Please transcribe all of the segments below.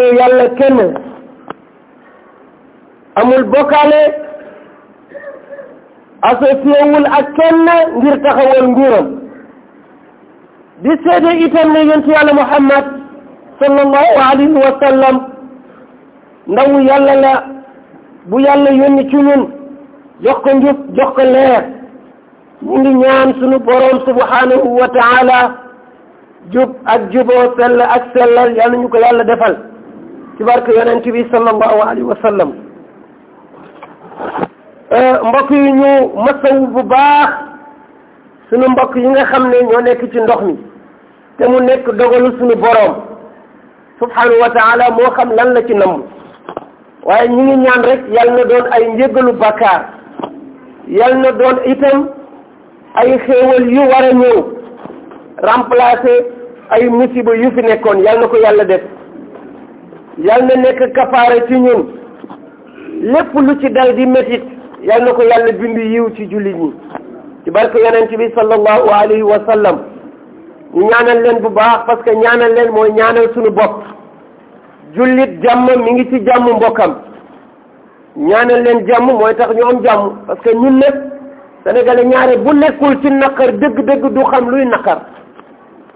te yàlla kenn amul bokkaale associé ak kenn ngir taxawal nguuram di seede itam ne yontu yàlla muhammad sallallahu alayhi wa sallam ndaw la bu yàlla yónni ci ñun njub jox leer ñu ngi ñaan sunu borom subhanahu wa taala jub ak juboo sell ak sellal yàlla ñu ko yàlla defal ci barke yonent bi sallallahu alayhi wa euh, mbokk yi ñu masawu bu baax sunu mbokk yi nga xam ne ñoo nekk ci ndox mi te mu nekk dogalu sunu borom subhanahu wa moo xam lan la ci namm waaye ñu ngi ñaan rek yal na doon ay njëgalu bàkkaar yal na doon itam ay xéewal yu war a ñëw remplacer ay musiba yu fi nekkoon yal na ko yàlla def yal na nekk kafaara ci ñun lépp lu ci dal di métit yal na ko yàlla bind yiw ci jullit ñi ci barke yonent bi sallallahu alayhi wa sallam ñu ñaanal leen bu baax parce que ñaanal leen mooy ñaanal suñu bopp jullit jàmm mi ngi ci jàmm mbokkam ñaanal leen jàmm mooy tax ñu am jàmm parce que ñun nag sénégalais ñaare bu lekkul ci naqar dëgg-dëgg du xam luy naqar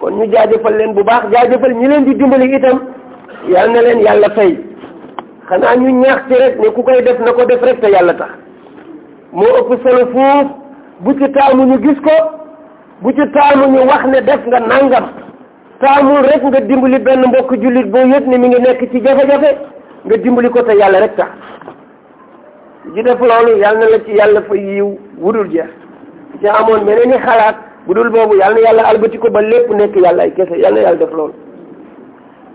kon ñu jaajëfal leen bu baax jaajëfal ñi leen di dimbali itam yal na leen yàlla fay xanaa ñu ñax ci rek ne ku koy def na ko def rek te yàlla tax moo ëpp solo foofu bu ci taamu ñu gis ko bu ci taamu ñu wax ne def nga nangam taamul rek nga dimbali benn mbokk jullit boo yëg ne mi ngi nekk ci jafe-jafe nga dimbali ko te yàlla rek tax ji def loolu yal na la ci yàlla fay yiw wudul jeex ci amoon meneen i xalaat bu dul boobu yal na yàlla albati ko ba lépp nekk yàlla ay kese yàlla yàlla def loolu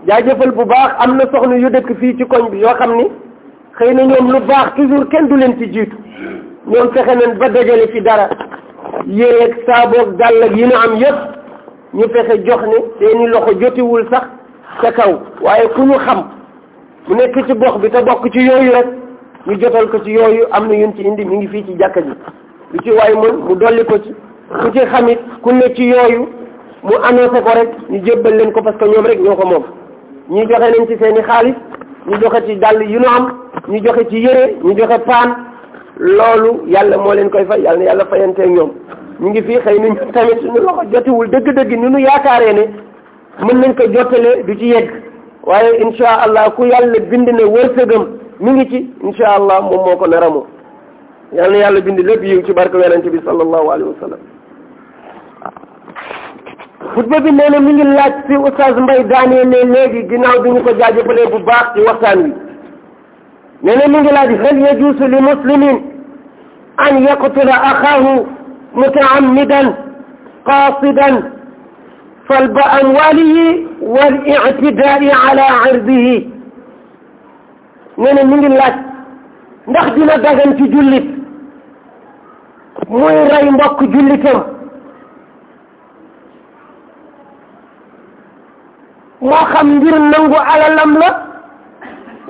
jaajëfal bu baax am na soxna yu dëkk fii ci koñ bi yoo xam ni xëy na ñoom lu baax toujours kenn du leen ci jiitu ñoom fexe nañ ba dajale ci dara yéeg saaboog dàll ak yi ñu am yëpp ñu fexe jox ne seeni loxo jotiwul sax ca kaw waaye ku ñu xam mu nekk ci gox bi te bokk ci yooyu rek ñu jotal ko ci yooyu am na yun ci indi ñu ngi fii ci jàkka ji lu ci waay mën mu dolli ko ci ku ci xamit ku ne ci yooyu mu annoncé ko rek ñu jébbal leen ko parce que ñoom rek ñoo ko moom ñi joxe nañ ci seen i xaalis ñu joxe ci dàll yu nu am ñu joxe ci yére ñu joxe paan loolu yàlla moo leen koy fay yàlla na ñoom ñu ngi fii xëy na ñun tamit suñu loxo jotiwul dëgg-dëgg ni nu yaakaaree ne mën nañ ko jottale du ci yegg waaye insha allah ku yàlla bind na wërsëgam mi ngi ci insha allah moom moo ko naramu yàlla na yàlla bind lépp yiw ci barke yonente bi sallallahu alayhi wa sallam xutba bi nee na mi ngi laaj fi oustaz Mbaye daanee ne léegi ginnaaw bi ñu ko jaajëfalee bu baax ci waxtaan wi nee na mi ngi laaj hal yajuusu li muslimin an yaqtula axaahu mutaammidan qaasidan salba amwaalihi wal ictidaai ala irdihi nee na mi ngi laaj ndax dina dagan ci jullit muy rey mbokk jullitam moo xam ngir nangu alalam la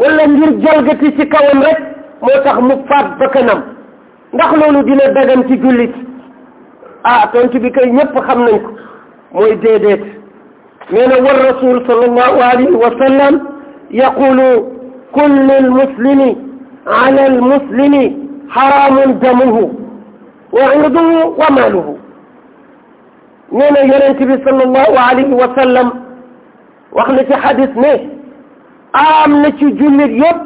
wala ngir jalgati ci kawam rek moo tax mu faat bakkanam ndax loolu dina dagan ci jullit ah tontu bi kay ñépp xam nañ ko mooy déedéet nee na war rasul sallallahu alayhi wa sallam yaqulu kullu lmuslimi ala lmuslimi xaraamun damuhu wa irduhu wa maaluhu nee na yonent bi sallallahu alayhi wa sallam wax na ci xadis ne araam na ci jullit yépp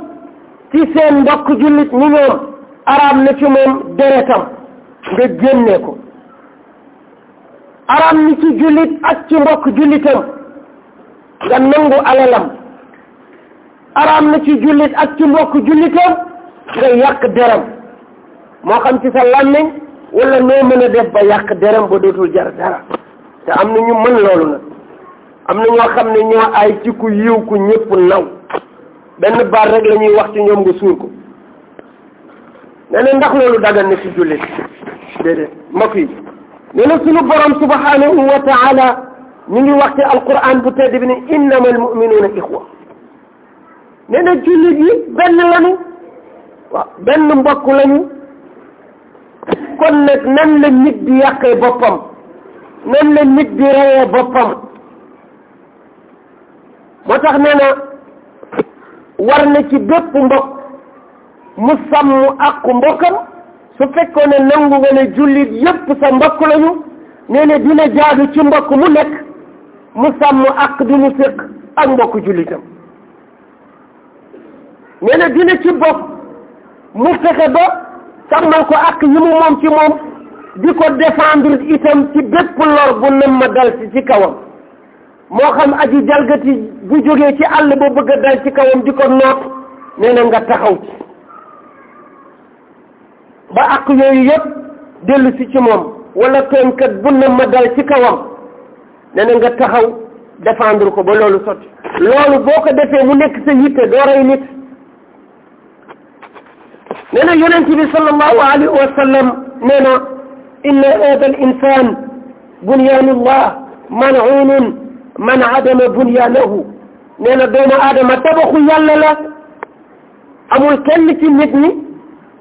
ci seen mbokk jullit ni ñoom araam na ci moom deretam nga génne ko araam na ci jullit ak ci mbokk jullitam nga nangu alalam araam na ci jullit ak ci mbokk jullitam nga yàq deram moo xam ci sa làmmiñ wala noo mën a def ba yàq deram ba dootul jar dara te am na ñu mën loolu nag am na ñoo xam ne ñoo ay ci ku yiw ku ñëpp naw benn baat rek la ñuy wax ci ñoom nga suur ko nee na ndax loolu dagan na ci jullit déedéet mbokk yi nee na suñu borom subhanahu wa taala ñu ngi wax ci alquran bu tedd bi ne innama almuminuuna ixwa nee jullit yi benn lañu benn mbokk lañu kon nag nan la nit di yàqee boppam nan la nit di reyee boppam moo tax nee na war na ci bépp mbokk mu sàmm àqu mbokkam su fekkoon ne nangu nga ne jullit yépp sa mbokk lañu nee na dina jaadu ci mbokk mu nekk mu sàmm àq bi mu séq ak mbokk jullitam nee na dina ci bokk mu fexe ba sàmmal ko àq yi mu moom ci moom di ko défendre itam ci bépp lor bu nëmm dal si ci kawam moo xam aji jalgati bu jógee ci àll ba bëgg a ci kawam di ko noot nee na nga taxaw ci ba ak yooyu yëpp dellu si ci moom wala tooñkat bu na ma dal ci kawam nee na nga taxaw défendre ko ba loolu sotti loolu boo ko defee mu nekk sa yitte doo rey nit nee na yonent bi sallallahu alayhi wa sallam nee na inna hada al insan bunyanullah man'unun man adama bunyaanahu nee na doomu aadama tabaxu yàlla la amul kenn ci nit ñi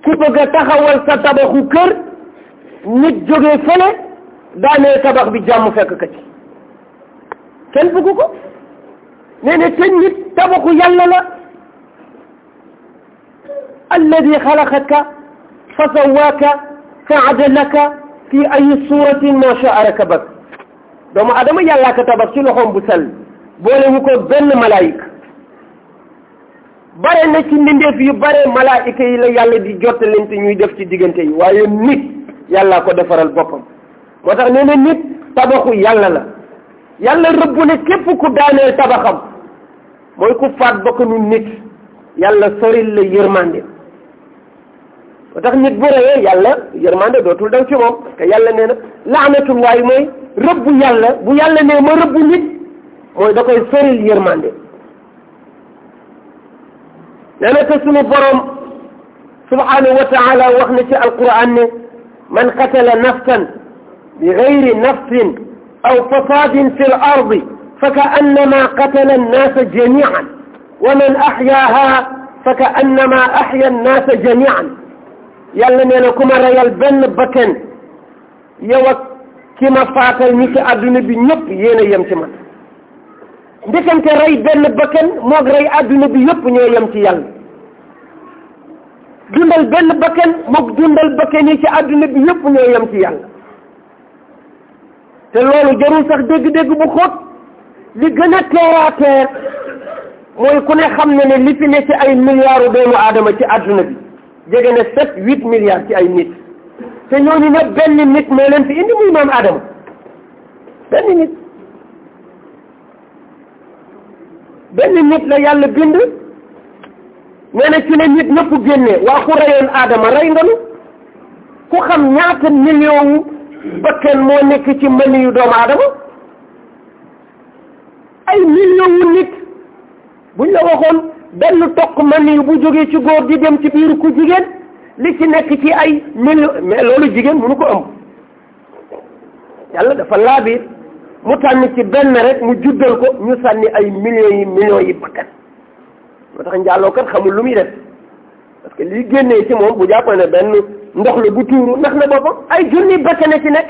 ku bëgg a taxawal sa tabaxu kër nit jógee fële daanee tabax bi jàmm fekk ka ci kenn bëggu ko nee na te nit tabaxu yàlla la alladi xalaqaka fa sawaaka fa adalaka fi ay suratin ma shaa rakabak doomu adama yàllaa ko tabax ci loxoom bu sell boole wu ko benn malaayika bare na ci mbindeef yu bare malaayika yi la yàlla di jottalante ñuy def ci diggante yi waaye nit yàlla ko defaral boppam moo tax nee nit tabaxu yàlla la yàlla rëbb ne képp ku daaneel tabaxam mooy ku faat bakkanu nit yàlla soril la yërmande moo tax nit bu reyee yàlla yërmande dootul daw ci moom te yàlla yàlla nee na laanatullaahi mooy rëbb yàlla bu yàlla ne ma rëbb nit mooy da koy soril yërmande nee na te suñu borom subhanahu wa taala wax na ci alquran ne man qatala nafsan bi gayri nafsin aw fasadin fi l ardi fa ka annama qatala annaasa jamian wa man axyaaha fa ka annama axya annaasa jamian yàlla nee na ku ma rayal benn bakken yow ak ki ma faatal ñi ci àdduna bi ñëpp yéen a yem ci man ndekante rey benn bakkan moog rey àdduna bi yëpp ñoo yem ci yàlla dundal benn bakkan moog dundal bakkan yi ci àdduna bi yëpp ñoo yem ci yàlla te loolu jarul sax dégg-dégg bu xóot li gën a teeraateer mooy ku ne xam na ne li fi ne ci ay milliards doomu aadama ci àdduna bi jege na sept huit milliards ci ay nit te yi ñëpp benn nit moo leen fi indi muy maam Adama benn nit benn nit la yàlla bind nee na ci ne nit ñëpp génnee waa ku reyoon Adama rey nga nu ku xam ñaata million wu bakkan moo nekk ci mën yu doomu Adama ay million wu nit buñ la waxoon benn tokk mën yu bu jógee ci góor di dem ci biiru ku jigéen. li ci nekk ci ay mil mais loolu jigéen mënu ko ëmb yàlla dafa laabiir mu tànn ci benn rek mu juddal ko ñu sànni ay millions yi millions yi xamul lu muy def parce moom bu jàppoon ne ndox la bu tuuru ndax na boppam ay junni bakkane ci nekk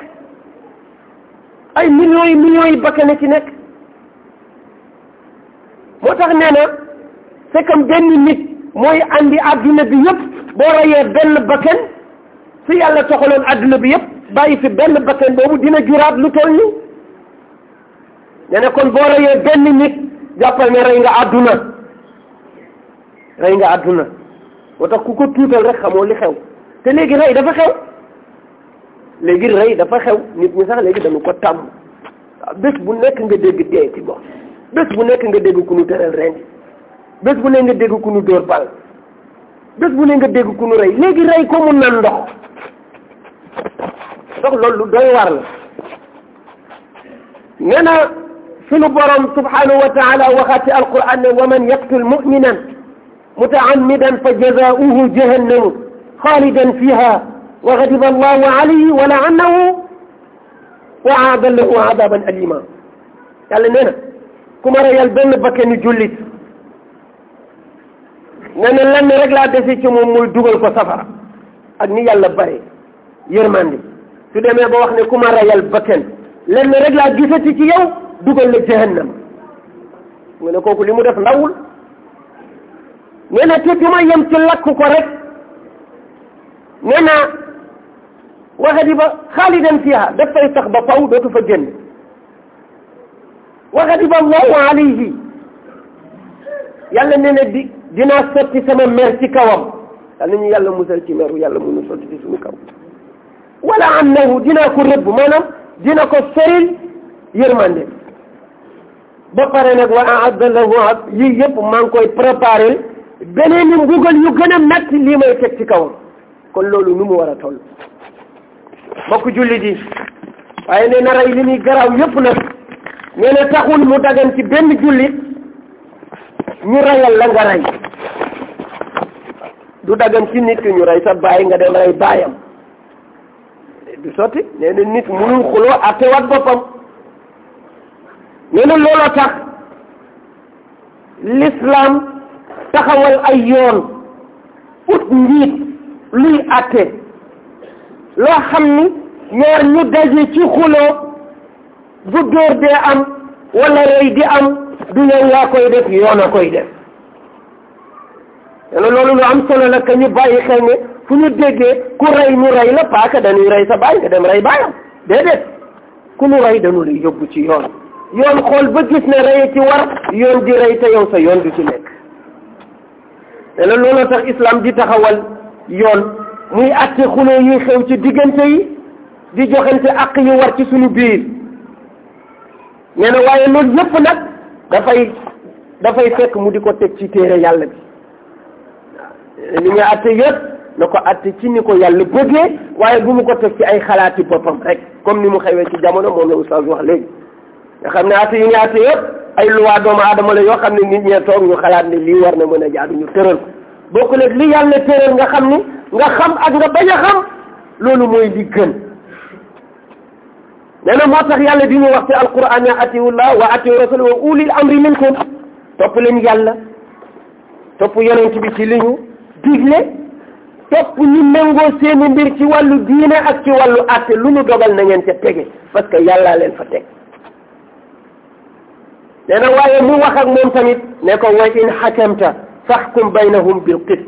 ay millions yi yi bakkane ci nekk moo tax nee na fekkam benn nit mooy andi adduna bi yëpp boo rayee benn bakkan su yàlla toxaloon adduna bi yëpp bàyyi fi benn bakken boobu dina juraat lu toll nii ne ne kon boo rayee benn nit jàppal ne rey nga àdduna rey nga àdduna moo tax ku ko tuutal rek xamoo li xew te léegi rey dafa xew léegi rey dafa xew nit ñi sax léegi dañu ko tàmm bés bu nekk nga dégg dee ci gox bés bu nekk nga dégg ku ñu tëral rendi bés bu nekk nga dégg ku ñu dóor bal bés bu ne nga dégg ku nu ko mun naan ndox ndox lu doy na sunu borom subhanahu wa taala waxaati alquran wa man yaqtul muminan mutaammidan fa jazauhu jahannamu xaalidan fiha wa gadiba allahu alayhi wa laanahu wa aada lahu alima ku ma reyal benn bakkanu jullit nee na lenn rek laa dese ci moom muy dugal ko safara ak ni yàlla bare yërmande su demee ba wax ne ku ma rayal ba kenn lenn rek laa gisati ci yow dugal la jahannam mu ne kooku li mu def ndawul nee na te fi ma yem ci lakk ko rek nee na waxati ba xaalidan fiha daf fay tax ba faw dootu fa génn waxati ba allahu yàlla nee di dinaa sotti sama mer ci kawam yal nañu yàlla musal ci meru yàlla mënu sotti ci suñu kaw wala annahu dinaa ko rëbb maanaam dina ko soril yërmande ba pare nag wa aadda lahu ab yii maa ngi koy préparé beneen i mbugal yu gën a metti lii may teg ci kawam kon loolu nu mu war a toll mbokk julli yi waaye nee na rey li muy garaaw yëpp nag nee na taxul mu dagan ci benn jullit ñu reyal la nga rey du daggan ci nit ki ñu rey sa bàyyi nga dem rey baayam du sotti nee na nit munul xuloo àttewaat boppam nee na looloo tax l'islam taxawal ay yoon ut njiit luy àtte loo xam ni ñaar ñu daje ci xuloo bu dóor am wala rey di am du yaa koy de yoon a koy def loolu lu am solo la ka ñu bàyyi xel ne fu ñu déggee ku rey ñu rey la paaka dañuy rey sa baay nga dem rey baayam déedéet ku ñu rey dañu lay yóbbu ci yoon yoon xool ba gis ne reye ci war yoon di rey te yow sa yoon du ci nekk te la looloo tax islam di taxawal yoon muy àtte xuloo yi xew ci diggante yi di joxante ak yi war ci suñu biir nee na waaye loolu yëpp nag dafay dafay fekk mu di ko teg ci téere yàlla bi li ñu àtte yëpp na ko àtte ci ni ko yàlla bëggee waaye bu mu ko teg ci ay xalaati boppam rek comme ni mu xewee ci jamono moom la oustaz wax léegi nga xam ne àtte yi ñu àtte yëpp ay luwaa doomu aadama la yoo xam ne nit ñee toog ñu xalaat ne lii war na mën a jaadu ñu tëral ko bokk nag li yàlla tëral nga xam ni nga xam ak nga bañ a xam loolu mooy li gën nee na moo tax yàlla di wax ci alquran ya atiwullah wa atiwu rasul wa ulil amri minkum topp leen yàlla topp yonent digle topp ñu méngoo seeni mbir ci wàllu diine ak ci wàllu àtte lu ñu dogal na ngeen ca tege parce que yàllaa leen fa teg nee na waaye mu wax ak moom tamit ne ko wa in xakamta faxkum baynahum bil qist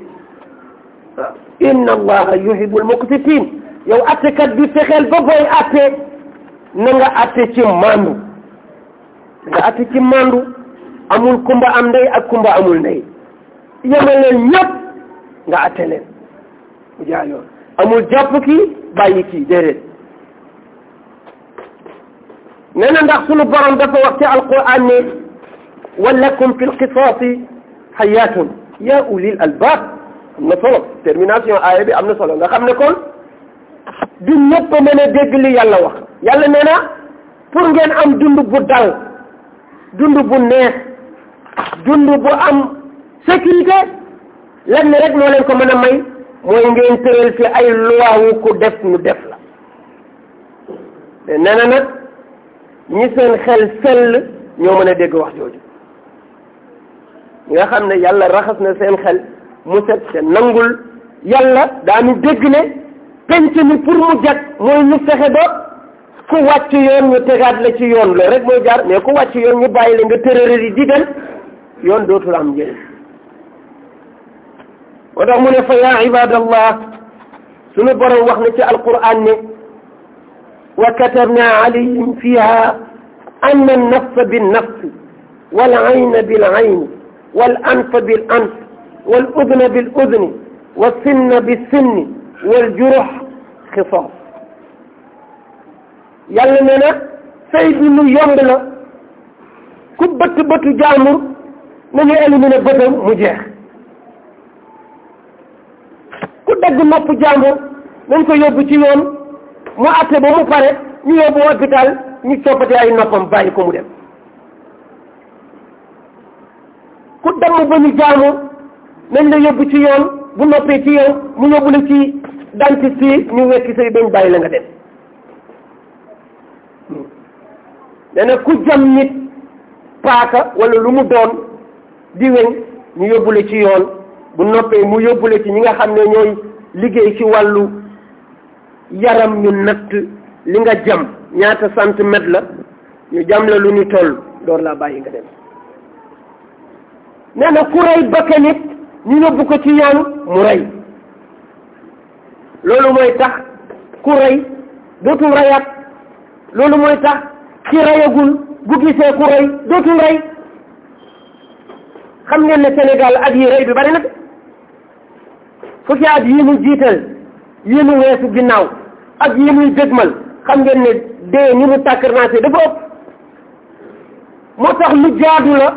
waaw inna allaha yuhibbul muqsitin yow attekat bi fexeel ba booy atte na nga ci mandu nga atte ci mandu amul kumba am ndey ak kumba amul ndey yemal leen ñëpp nga atte leen mu jaar yoon amul jàpp kii bàyyi kii na ndax sunu borom dafa wax ci alquran ne walakum fi lqisaasi xayaatun yaa ulil albaab am na solo termination aaya bi am na solo nga xam ne kon du ñëpp a mën a yàlla wax yàlla nee na pour ngeen am dund bu dal dund bu neex dund bu am sécurité lenn rek moo leen ko mën a may mooy ngeen tëral ci ay loi wu ku def ñu def la te na nag ñi seen xel sell ñoo mën a dégg wax jooju nga xam ne yàlla raxas na seen xel mu set te nangul yàlla daanu dégg ne penc mi pour mu jag mooy ñu fexe ba ku wàcc yoon ñu tegaat la ci yoon loolu rek mooy jaar mais ku wàcc yoon ñu bàyyi la nga tërëri di dem yoon dootul am njëriñ moo tax mu ne fa yaa ibadallah suñu borom wax na ci alquran ne wa katabna alayhim fiha anna annafsa binnafsi wal ayna bil ayni wal anfa bil anf wal udna bil udni wa sinna bi sinni wal jurux xisaas yàlla nee na say bi lu yomb la ku bëtt bëtu jaamur nañu éliminer bëtam mu jeex dagg nopp jàmbur nañ ko yóbbu ci yoon mu àtte ba mu pare ñu yóbbu hôpital ñu coppati ay noppam bàyyi ko mu dem ku damm ba ñu jàmbur nañ la yóbbu ci yoon bu noppee ci yoon mu yóbbu la ci dentiste yi ñu wekki say bañ bàyyi la nga dem nee ku jam nit paaka wala lu mu doon di weñ ñu yóbbu la ci yoon bu noppee mu yóbbule ci ñi nga xam ne ñooy liggéey ci wàllu yaram ñu natt li nga jam ñaata centimètre la ñu jam la lu ñu toll door laa bàyyi nga dem nee na ku rey bakkanit ñu yóbbu ko ci yoon mu rey loolu mooy tax ku rey dootul reyaat loolu mooy tax ci reyagul bu gisee ku rey dootul rey xam ngeen ne Sénégal at yi rey bi bari na fukki at yi mu jiital yi mu weesu ginnaaw ak yi muy dégmal xam ngeen ne dee ni mu tàkkarnaase dafa ëpp moo tax lu jaadu la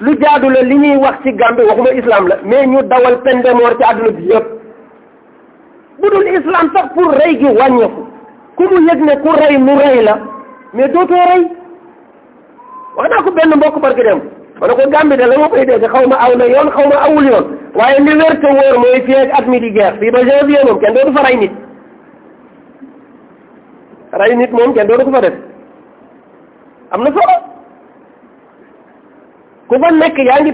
lu jaadu la li ñuy wax ci Gambie waxuma islam la mais ñu dawal peine de mort ci àdduna bi yëpp bu dul islam sax pour rey gi wàññeeku ku mu yëg ne ku rey mu rey la mais dootoo rey wax naa ko benn mbokk barki dem ma ne ko Gambie de la ma koy dégg xaw na yoon xaw awul yoon waaye li wér te wóor mooy fii ak at mi di jeex fii ba janvier moom kenn dootu fa rey nit rey nit moom kenn dootu ko fa am na solo ku fa nekk yaa